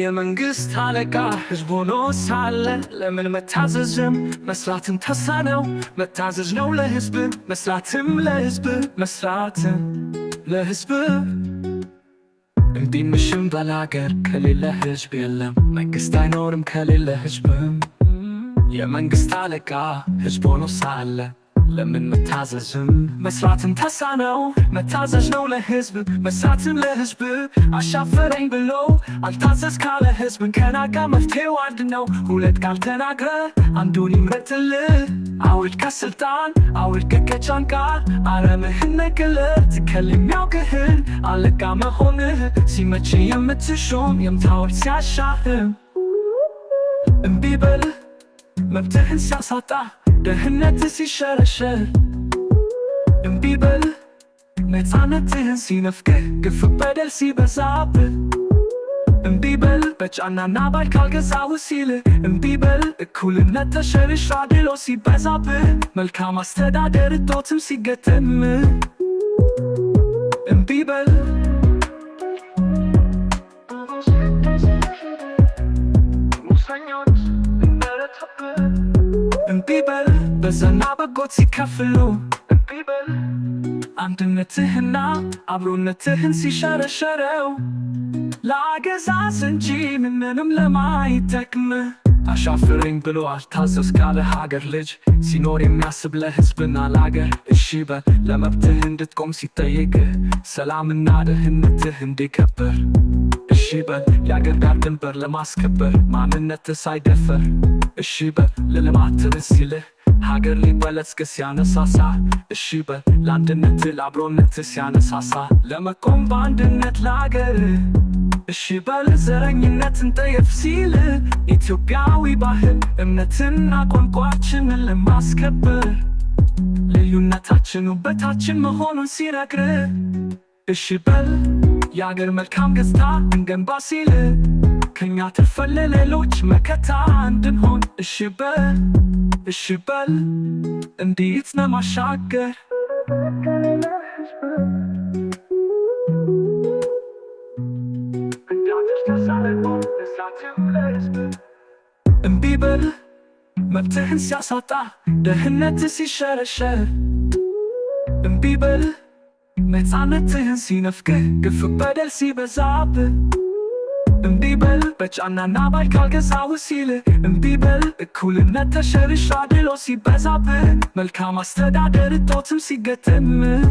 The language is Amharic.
የመንግስት አለቃ ህዝብ ሆኖ ሳለ ለምን መታዘዝም መስራትም ተሳነው? መታዘዝ ነው ለህዝብ መስራትም ለህዝብ መስራትም ለህዝብ እንዲምሽም በላገር ከሌለ ህዝብ የለም መንግስት አይኖርም ከሌለ ህዝብም የመንግስት አለቃ ህዝብ ሆኖ ሳለ ለምን መታዘዝም መስራትን ተሳ ነው መታዘዝ ነው ለህዝብ መስራትን ለህዝብ አሻፈረኝ ብሎ አልታዘዝ ካለ ህዝብን ከናጋ መፍትሄው አንድ ነው። ሁለት ቃል ተናግረ አንዱን ይምረጥልህ። አውልቅ ከስልጣን አውልቅ ከጫንቃ አረምህን ነቅለ ትከል የሚያውቅህን አለቃ መሆንህ ሲመች የምትሾም የምታወድ ሲያሻህም እምቢ በልህ መብትህን ሲያሳጣ ደህነት ሲሸረሸር እምቢ በልህ ነፃነትህን ሲነፍግህ ግፍ በደል ሲበዛብህ እምቢ በል በጫናና ባል ካልገዛው ሲል እምቢ በል እኩልነት ተሸርሽ አድሎ ሲበዛብህ መልካም አስተዳደር እጦትም ሲገተም እምቢ በል በዛና በጎት ሲከፍሉ እምቢ በል አንድነትህና አብሮነትህን ሲሸረሸረው ለአገዛዝ እንጂ ምንም ለማይጠቅም አሻፍረኝ ብሎ አልታዘዝ ካለ ሀገር ልጅ ሲኖር የሚያስብ ለህዝብና ለአገር እሺ በል ለመብትህ እንድትቆም ሲጠየቅህ ሰላምና ደህንነትህ እንዲከበር የአገር ጋር ድንበር ለማስከበር ማንነት ሳይደፈር በል ለልማት ሲልህ ሀገር ሊበለጽግ ሲያነሳሳ በ ለአንድነት ለአብሮነት ሲያነሳሳ ለመቆም በአንድነት ለአገር በል ዘረኝነትን ጠየፍ ሲል ኢትዮጵያዊ ባህል እምነትና ቋንቋችንን ለማስከበር ልዩነታችን ውበታችን መሆኑን ሲነግር እሺ በል የአገር መልካም ገጽታ እንገንባ ሲል ከኛ ተርፈን ለሌሎች መከታ እንድንሆን እሺ በል እሺ በል እንዴት ለማሻገር እምቢ በል መብትህን ሲያሳጣ ደህነት ሲሸረሸር እምቢ በል ነፃነትህን ሲነፍግህ ግፍ በደል ሲበዛብህ እምቢ በል በጫናና ባይ ካልገዛው ሲልህ እምቢ በል እኩልነት ተሸርሻ ድሎ ሲበዛብህ መልካም አስተዳደር እጦትም ሲገጥምህ